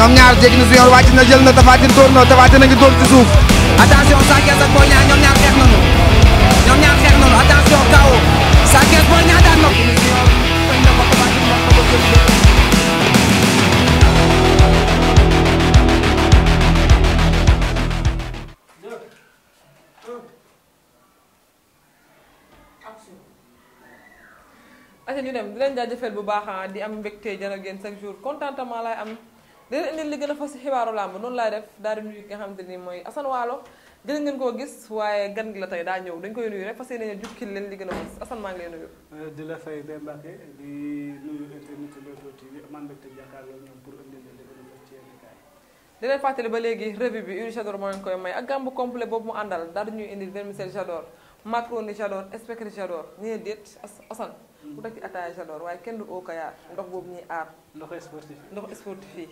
ñoom ñaar jéggi na junior wàcc na jël na Tapha Tine dóor na Tapha Tine a ngi dóor ci suuf attention Sa Thiès ak Boy Niang ñoom ñaar xeex nañu ñoom ñaar xeex nañu attention KO Sa Thiès Boy Niang daan na aca ñu dem di leen jaajëfal bu baax ah, di am mbégte jën ak yéen chaque jour contentement laay am dina xibaaru làmb noonu laay def daal di nuyu xamante ni mooy Assane Waalo gën ngeen koo gis waaye gan gi la tey daa ñëw dañ koy nuyu rek fas yéene jukkil leen li gën a fas Assane maa ngi lay euh, fay Bey Mbacke di nuyu a fas ci yenn kaay. di leen ba léegi revue bi Uri Jador moo leen koy may ak gàmbu complet boobu mu àndal daal di ñuy indil vermicelle Jador macaroni Jador spaghetti Jador ñu ne déet Assane ku hmm. nekk ci ataaya Jador waaye kenn du oo ndox boobu ñuy aar. ndox sportif yi ndox sportif yi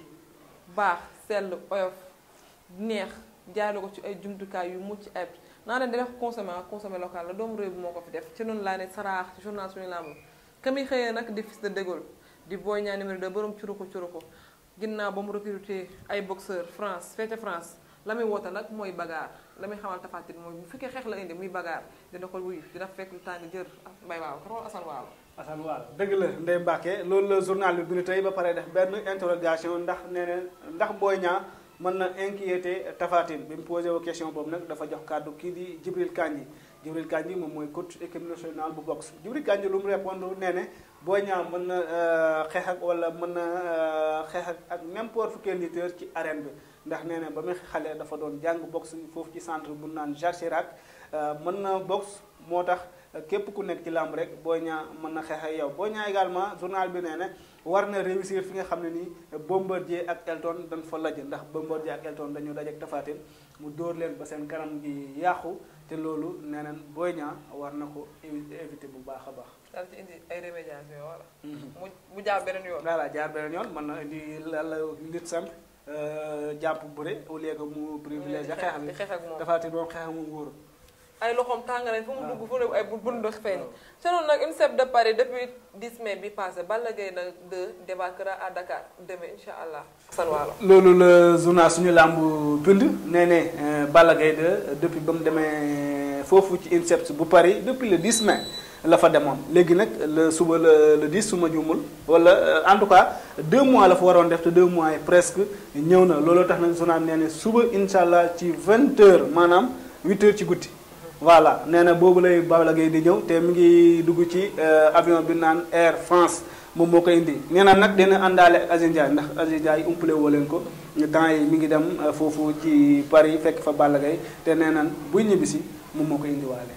baax sell oyof neex jaarale ko ci ay jumtukaay yu mucc ayib naa leen di def consommer ak ah, consommer local la doomu réew bi moo ko fi def ci noonu laa ne saraax ci journal suñu làmb ka muy xëyee nag di fils de De Gaulle di Boy Niang numéro 2 borom curuku curuku ginnaaw ba mu recruté ay boxeur France féete France la muy woote nag mooy bagaar la muy xamal Tapha Tine mooy bu fekkee xeex la indi muy bagaar dina ko wuyu dina fekk lu tàng jër ah, mbay waaw ko Assane waaw Assane Wall dëgg la Ndeye Mbacke loolu la journal bi bind tey ba pare def benn interrogation ndax nee ndax booy Niang mën na inquiéter Tapha bi mu posé wu question boobu nag dafa jox kàddu kii di Djibril Kandji Djibril Kandji moom mooy coach équipe nationale bu boxe Djibril Kandji lu mu répondre nee ne Boy Niang mën na euh, xeex ak wala mën na euh, xeex ak ak n'importe quel lutteur ci arène bi ndax nee na ba muy xale dafa doon jàng boxe foofu ci centre bu naan Jacques Chirac euh, mën na boxe moo tax. képp ku nekk ci làmb rek Boy ñaa mën na xeex ak yow Boy Niang également journal bi nee na war na réussir fi nga xam ne nii jee ak Elton dañ fa laj ndax Bombardier ak Elton dañu daj ak mu dóor leen ba seen kanam gi yàqu te loolu nee nañ Boy Niang war na ko éviter bu baax a baax. daal ci indi ay mhm. mu mu jaar beneen yoon. jaar beneen yoon mën na indi lan la nit simple euh, jàpp bëre au lieu que mu privilégié xeex bi Tapha Tine moom xeex mu nguur. ay loxoom tànganañ fu mu dugg fu ne ay bund feeñ selon nag INSEP de Paris depuis 10 mai bi passé Balla Gaye nag 2 débarquera à Dakar demain incha allah salwaalo loolu la journal suñu làmb bind nee ne euh, Balla Gaye 2 depuis ba mu demee foofu ci INSEP bu Paris depuis le 10 la fa demoon léegi nag la suba la le 10 su ma juumul wala euh, en tout cas deux mois la fa waroon def te deux mois presque ñëw na looloo tax nag journal nee ne suba incha allah ci 20 heures maanaam 8 ci gutti voilà nee na boobu lay Balla Gaye di ñëw te mi ngi dugg ci euh, avion bi naan Air France moom moo ko indi nee na nag dina àndaale ak ndax Aziz Ndiaye umpale woo leen ko temps yi mi ngi dem euh, foofu ci Paris fekk fa Balla Gaye te nee na buy ñibbisi moom moo ko indiwaale.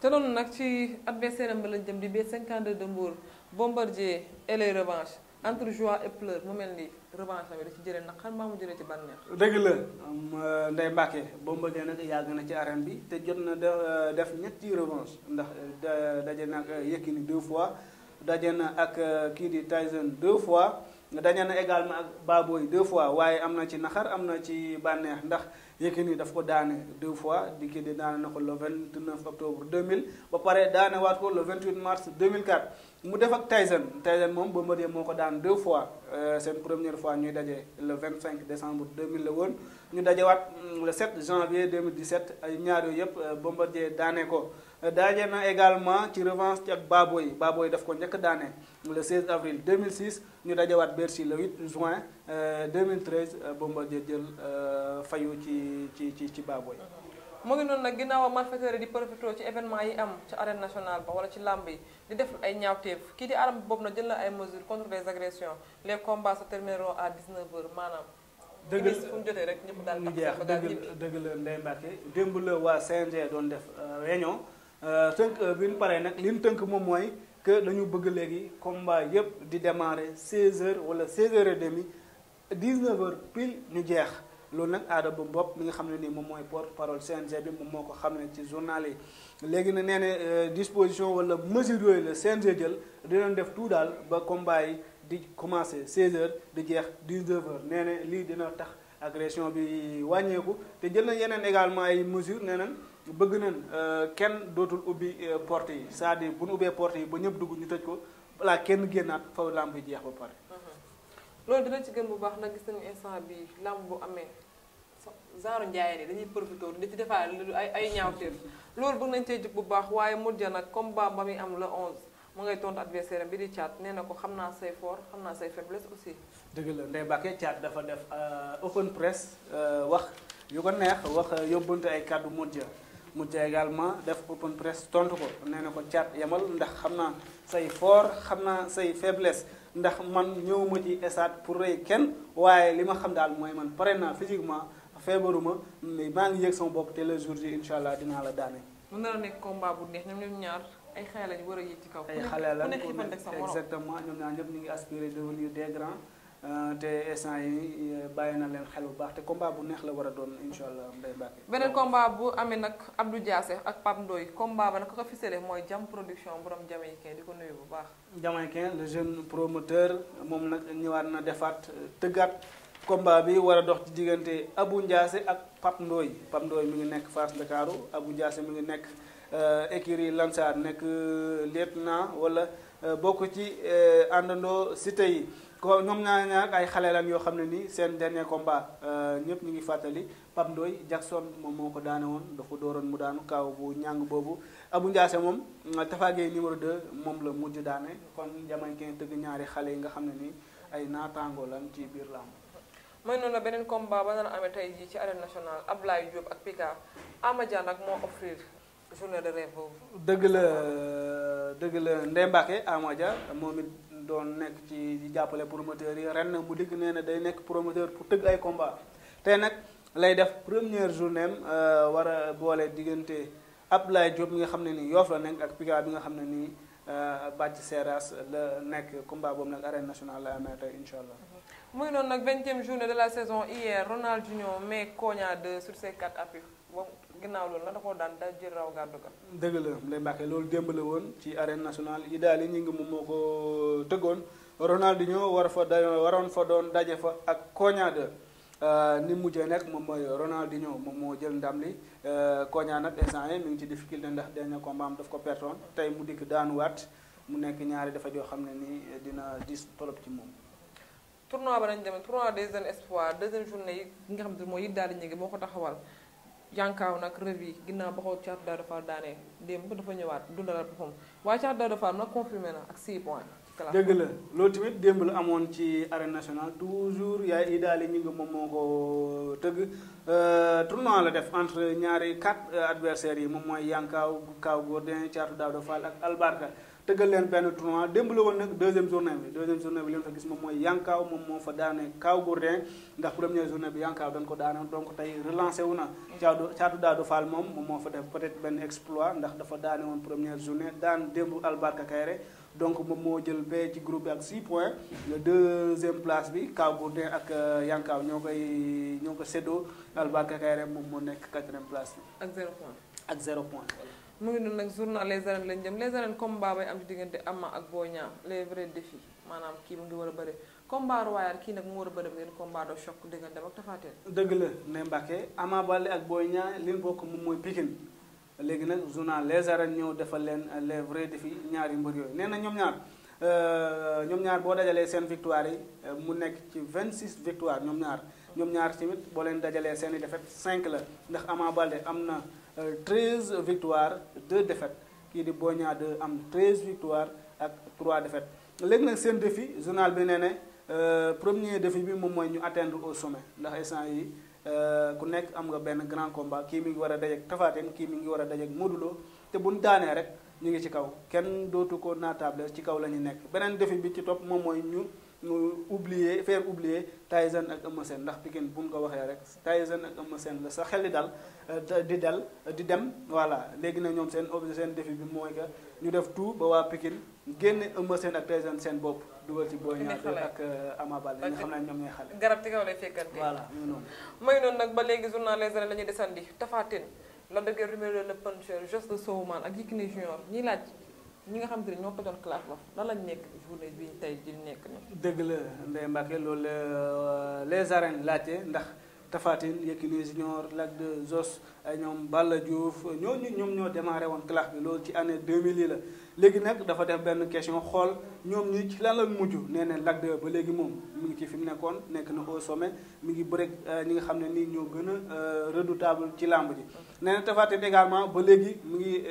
te loolu nag ci adversaire am ba lañ jëm di b cinquante de Mbour Bombardier et les revanches entre joie et mu mel ni revanche tamit da ci jëlee naqar maa mu jëlee ci bànneex. dëgg la euh, Ndeye Mbacke Bombardier nag yàgg na ci arène bi te jot na euh, def ñetti revanche ndax euh, daje na ak Yékini deux fois daje na ak kii di Tyson deux fois daje na également ak Baboy deux fois waaye am na ci naqar am na ci bànneex ndax Yékini daf ko daane deux fois di kii di daane na ko le 29 octobre 2000 ba pare daane waat ko le 28 mars 2004. mu def ak Tyson Tyson moom Bombardier moo ko daan deux fois euh, seen première fois ñuy daje vingt cinq décembre 2000 la woon ñu dajewaat mm, le 7 janvier 2017 ay ñaar yooyu yëpp euh, Bombardier daane ko. daje na également ci revanche ci ak Baboy Baboy daf ko njëkk daane le 16 avril 2006 ñu dajewaat Bercy le 8 juin 2013 euh, Bombardier jël fayu ci ci ci ci Baboy. mu ngi noonu nag ginnaaw malfaiteur yi di profité ci événement yi am ci arène national ba wala ci làmb yi di def ay ñaawteef kii di aram boobu na jël na ay mesures contre les agressions les combats se termineront à 19h maanaam. dëgg la fu mu rek ñëpp daal di jeex dëgg la Ndeye Mbacke démb la waa CNG doon def euh, réunion euh, tënk euh, bi ñu nag li tënk moom mooy que dañu bëgg léegi combat yëpp di démarrer 16 heure wala 16h30 19h pile ñu jeex. loolu nag aada boobu bopp mi nga xam ne nii moom mooy porte parole CNG bi moom moo ko xam ne ci journal yi léegi na nee euh, ne disposition wala mesure yooyu la CNG jël di dinañ def tout daal ba combat yi di commencé 16h di jeex 19h nee ne lii dina tax agression bi wàññeeku te jël na yeneen également ay mesure ne nañ bëgg nañ euh, kenn dootul ubbi euh, porte yi c'est-à-dire bu ñu ubbee port yi ba ñëpp dugg ñu tëj ko balaa kenn génnaat faw làmb jeex ba pare. loolu dina ci gën bu baax nag gis nañu instant bi làmb bu amee genre njaayeen yi dañuy profité di ci defaat ay ay ñaawteef loolu bëgg nañ cee jub bu baax waaye mujj nag comme combat ba muy am le 11 mu ngay tontu adversaire bi di caat nee ko xam naa say fort xam naa say faiblesse aussi. dëgg la Ndeye caat dafa def euh, open press euh, wax yu ko neex wax euh, yóbbante ay kàddu mujj mujj également def open press tontu ko nee na ko caat yemal ndax xam naa say foor xam naa say faiblesse. ndax man ñëwuma ci esaat pour rey kenn waaye li ma xam daal mooy man pare naa physiquement feebaruma mais maa ngi yëg sama bopp te le jour ji incha allah dinaa la daane. mën na la nekk combat bu neex ñoom ñoom ñaar ay xale lañu war a yëg ci kaw. ay xale lañu ko exactement ñoom ñaar ñëpp ñu ngi aspirer devenir des grands. Euh, te instant yi euh, bàyyi na leen xel bu baax te combat bu neex la war a doon incha allah Mbaye Mbacke. beneen combat bu amee nag Abdou Diassé ak Pape Ndoye combat ba nag ko ficelé mooy jam production borom jamaïcain di ko nuyu bu baax. jamaïcain le jeune promoteur moom nag ñëwaat na defaat euh, tëggaat. combat bi war a dox ci diggante abu Ndiassé ak Pape Ndoye Pape Ndoye mi ngi nekk Fass Ndakaaru abu Ndiassé mu ngi nekk écurie Lansar nekk lieutenant wala bokk ci àndandoo cité yi ko ñoom ñaar ñaar ay xale lan yoo xam ne nii seen dernier combat euh, ñëpp ñu ngi fàttali Pape Ndoye Jackson moom moo ko daane woon dafa dooroon mu daanu kaaw bu ñàng boobu abu Ndiassé moom Tafa Gueye numéro 2 moom la mujj daane kon jamankeen tëgg ñaari xale yi nga xam ne nii ay naataangoo lan ci biir làmb mooy noonu beneen combat ba nana jii ci arène nationale Ablaye Diop ak Pika Ama Dia nag moo offrir journée de dëgg la dëgg la Ndeye doon nekk ci jàppale promoteur yi ren mu digg nee na day nekk promoteur pour tëgg ay combat te nag lay def première journée am euh, war a boole diggante Abdoulaye Diop mi nga xam ne nii Yoff la nekk ak Pika bi nga xam ne nii euh, Bàcc Seras la nekk combat boobu nag arène nationale la amee tey incha allah. mu ngi noonu nag vingtième journée de la saison hier Ronaldinho met mais 2 sur ses 4 ginnaaw loolu la da daan da jël raw gàddu ga. dëgg la Ndeye Mbacke loolu démb la woon ci arène nationale yi daal yi ñu ngi moom moo ko tëggoon Ronaldinho war fa da waroon fa doon daje fa ak Koña euh, ni mu mujjee moom mooy Ronaldinho moom moo jël ndam li euh, Koña nag instant yi ngi ci difficulté ndax dernier combat am daf ko pertoon tey mu dikk daanuwaat mu nekk ñaari dafa joo xam ne nii dina dis tolop ci moom. tournoi ba nañ demee tournoi des jeunes espoirs deuxième journée yi nga xam ne mooy yi daal di ñu ngi moo ko taxawal. yankaaw nag revi ginnaaw ba ko Thiatou Daouda Fall daanee démb dafa ñëwaat dundalal boppam waaye Thiatou Daouda Fall nag confirmé na ak 6 points. dëgg la loolu tamit démb la amoon ci arène nationale toujours yaay yi daal ñu ngi moom moo ko tëgg euh, tournoi la def entre ñaari quatre adversaires yi moom mooy Yankaaw Kaw Gourdin Thiatou Daouda Fall ak Albarka. tëggal leen benn tournoi démb la woon nag deuxième journée bi deuxième journée bi leen fa gis moom mooy Yankaaw moom moo fa daane Kaaw Gourdin ndax première journée bi Yankaaw dañ ko daane donc tey relancé wu na caatu caatu Daadu Fall moom moom moo fa def peut-être benn exploit ndax dafa daane woon première journée daan démb Albarka Kayre donc moom moo jël bee ci group bi ak 6 points le deuxième place bi Kaaw Gourdin ak euh, Yankaaw ñoo koy ñoo ko séddoo Albarka Kayre moom moo nekk quatrième place bi ak zéro ak zéro point mu ngi noonu nag journal les arènes lañ jëm les arènes combat bay am ci diggante Ama ak Boy Niang les vrais défis maanaam kii mu ngi war a bëri combat royal kii nag mu war a bëri ngeen combat de choc diggante ak Tapha dëgg la ne Mbacké Ama Baldé ak Boy Niang li ñu bokk moom mooy Pikine léegi nag journal les arènes ñëw defal leen les vrais défis ñaari mbër yooyu nee na ñoom ñaar euh, ñoom ñaar boo dajalee seen victoire yi euh, mu nekk ci 26 victoire ñoom ñaar ñoom ñaar tamit boo leen dajalee seen i défaite 5 la ndax Ama Baldé am na Euh, treize victoires deux défaites kii di Boy Niang 2 am treize victoires ak trois défaites léegi nag seen défi journal bi nee ne euh, premier defi bi moom mooy ñu atteindre au sommet ndax instant yi euh, ku nekk am nga benn grand combat kii mi ngi war a dajeeg Tapha Tine kii mi ngi war a dajeeg Modou Lo te buñ daanee rek ñu ngi ci kaw kenn dootu ko naatable ci kaw la ñu nekk beneen défi bi ci topp moom mooy ñu. oublier faire oublier Tyson ak Eumeu Sène ndax Pikine bu ñu ko waxee rek Tyson ak Eumeu Sène la sa xel di dal euh, di dal di dem voilà léegi na ñoom seen seen défi bi mooy que ñu def tout ba waa Pikine génne Eumeu Sène ak Tyson seen bopp dugal ci Boy Niang ak euh, Ama Baldé nga xam ne ñoom ñooy garab ci kaw lay fekkante voilà ñu noonu nag ba léegi journal Les Arènes la ñuy desandi Tapha Tine la dëgg rumeur le puncher Jos de Souman ak Yékini Junior ñiy laaj ñi nga xam te ne ñoo ko doon classe ba la lañ nekk journée bi tey ji nekk nii. dëgg la Ndeye loolu euh, les arènes laajte ndax Tapha Tine Yékini Junior Lac Zos ay ñoom Balla Diouf ñooñu ñoom ñoo démarré woon classe bi loolu ci année 2000 yi la. léegi nag dafa def benn question xool ñoom ñi ci lan la mujj neeneen na ba léegi moom mi ngi ci fi mu nekkoon nekk na au sommet mi ngi bëreeg euh, ñi nga xam ne nii ñoo gën a euh, redoutable ci làmb ji. nee na Tapha ba léegi mi ngi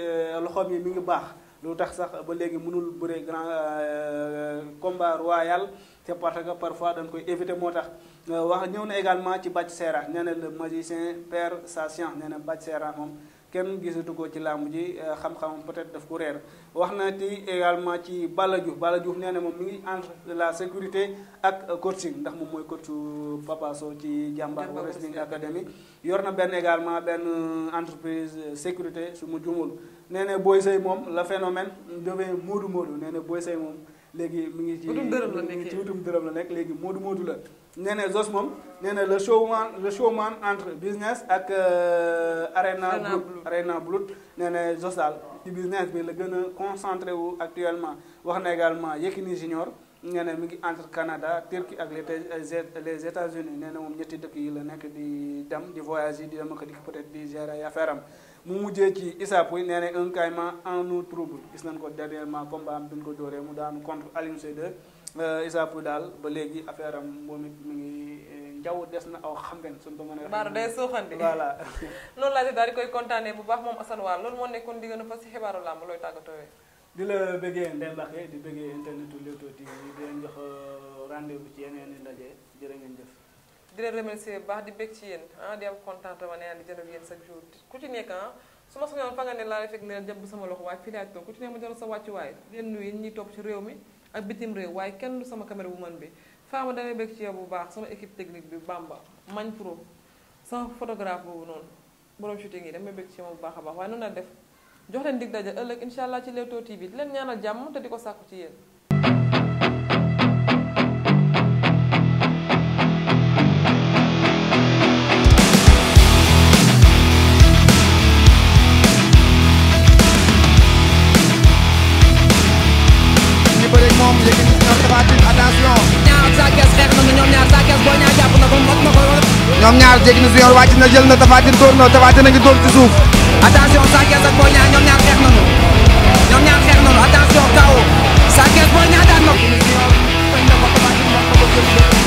loxoom yi mi ngi baax. lu tax sax ba léegi mënul bëre grand euh, combat royal c'est parce que parfois dañ koy éviter moo tax euh, wax ñëw na également ci Bathie Séras nee na le magicien perd sa science nee na moom kenn gisatu ko ci làmb ji eh, xam-xamam peut-être daf ko reer wax na ci également ci Balla Diouf Balla Diouf nee na moom mi ngi entre la sécurité ak coaching ndax moom mooy coach Papa Sow ci Jàmbaar Wrestling Academy yor na benn également benn eh, entreprise eh, sécurité su ma jumul nee na Boy Sey moom la phénomène devient Modou Modou nee na Boy Sey moom léegi mi ngi ci utum dërëm la nekk ci utum dërëm la nekk léegi moodu moodu la nee na Zos moom nee na le man le showman entre business ak euh, arena blood arena blood nee na Zos daal ci business bi la gën a concentré wu actuellement wax na également ni Junior nee na mi ngi entre Canada Turquie ak les États-Unis nee na moom ñetti dëkk yi la nekk di dem di voyage yi di dem ak dikk peut-être di gérer ay affaire am mu mujjee ci Issa Pouye nee na un caïman en nous trouble gis nañ ko dernièrement combat am duñ ko dooree mu daanu contre Alioune Seye 2 euh, Issa daal ba léegi affaire am moom it ngi. Euh, jaww des na aw xam ngeen ko mën a. baar day suuxandi voilà. noonu laa di koy kontaanee bu baax moom Assane Waar loolu moo nekkoon diggante fa si xibaaru làmb looy tàggatoo di la bëggee Ndeye Mbacke di bëggee internetu Leewtoo TV di leen jox euh, rendez-vous ci yeneen i ndaje jërë ngeen jëf. di leen remercier baax di bég ci yéen ah di am contentement nee naa jënd ak yéen chaque jour ku ci nekk ah su ma soñoon fa nga ne laa la fekk ne leen jàpp sama loxo waaye fii laa toog ci nekk ma jëloon waaye kenn du sama caméra bu man bi Fama damay bég ci yow bu baax sama équipe technique bi Bamba Mañ Pro sama photographe boobu noonu borom shooting yi damay bég ci yow bu baax a baax waaye noonu la def jox leen dig daje ëllëg incha allah ci Leewtoo TV di leen ñaanal jàmm te di ko sàkku ci yéen moom léegi gis na Tapha Tine attention. ñaar Sa Thiès ñoom ñaar Sa Thiès Boy Niang jël na Tapha Tine na Tapha a ngi dóor ci suuf. attention Sa Thiès ñoom ñaar xeex nañu ñoom ñaar xeex nañu attention kaw Sa Thiès Boy Niang daan na